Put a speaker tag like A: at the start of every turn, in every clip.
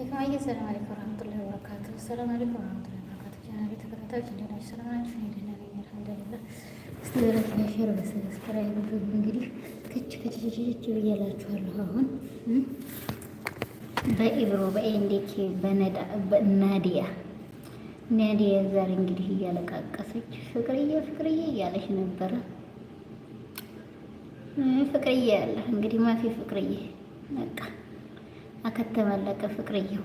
A: የከማየ ሰላም አለይኩም ወራህመቱላሂ ወበረካቱ። ሰላም አለይኩም ወራህመቱላሂ ወበረካቱ። ቻናሌ ተከታታዮች እንደምን ናችሁ? ሰላም ናችሁ? እኔ ደህና ነኝ አልሐምዱሊላህ። እስቲ ላይክ፣ ሼር፣ ሰብስክራይብ እንግዲህ ከች ከች ከች ብያላችኋለሁ። አሁን በኢብሮ በኤንዴክ በነዳ በናዲያ ናዲያ ዛሬ እንግዲህ እያለቃቀሰች ፍቅርዬ ፍቅርዬ እያለች ነበረ። ፍቅርዬ ያለ እንግዲህ ማፊ ፍቅርዬ በቃ አከተመለቀ ፍቅርየው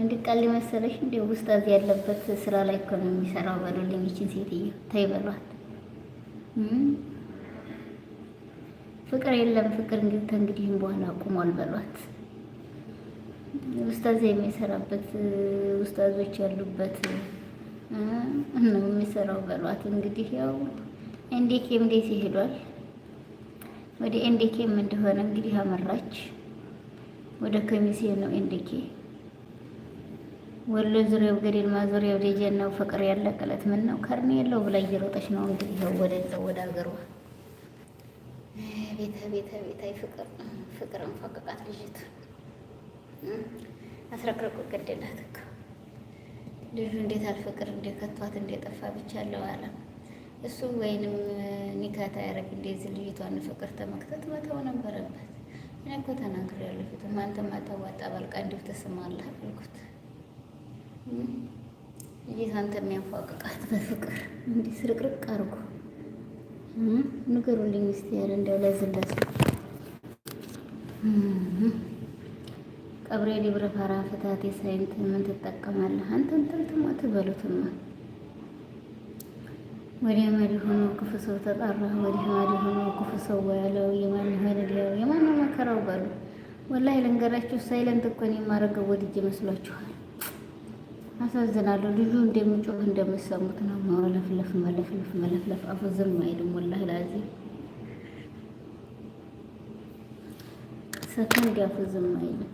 A: እንድቀል መሰለሽ እንደ ውስጣዝ ያለበት ስራ ላይ እኮ ነው የሚሰራው። በሉልኝ ይችን ሴትዮ ተይ በሏት። ፍቅር የለም ፍቅር እንግዲህ ተንግዲህም በኋላ አቁሟል በሏት። ውስጣዝ የሚሰራበት ውስጣዞች ያሉበት ነው የሚሰራው በሏት። እንግዲህ ያው ኤንዴኬም ዴስ ይሄዷል። ወደ ኤንዴኬም እንደሆነ እንግዲህ አመራች። ወደ ከሚሴ ነው እንድኬ ወሎ ዙሪያው ገደል ማዞሪያው ደጀን ነው ፍቅር ያለቀለት ምን ነው ከርኔ የለው ብላ እየሮጠች ነው እንግዲህ ወደ እዛው ወደ ሀገሯ ቤተ ቤተ ቤተ ፍቅር ፍቅር እንፈቅቃት ልጅቱ አስረክረቁ ገደላት እኮ ልጁ እንዴት አልፍቅር እንደ ከቷት ብቻ አለው አለ እሱ ወይንም ኒካታ ያረግ እንደዚህ ልጅቷን ፍቅር ተመክተት መተው ነበረበት። እኔ እኮ ተናግሬያለሁ። ፊትም አንተማ ተዋጣ ባልቃ እንዲሁ ትስማለህ አልኩት። ይህ አንተ የሚያፏቅቃት በፍቅር እንዲህ ስርቅርቅ አድርጎ ንገሩልኝ እስኪ ያለ እንዲያው ለዝለስ ቀብሬ ሊብረ ፈራ ፍታቴ ሳይንት ምን ትጠቀማለህ አንተን ትልትሞት በሉትማ ወዲያ መሪ ሆኖ ክፉ ሰው ተጣራ፣ ወዲህ መሪ ሆኖ ክፉ ሰው ያለው የማን ሀይለዲያው የማን መከራው ባሉ። ወላሂ ልንገራችሁ፣ ሳይለንት እኮ ነው የማደርገው ወድጄ መስሏችኋል። አሳዝናለሁ። ልጁ እንደምጮህ እንደምሰሙት ነው። መለፍለፍ መለፍለፍ መለፍለፍ፣ አፉ ዝም አይልም። ወላሂ ላዚ ሰከንድ አፉ ዝም አይልም።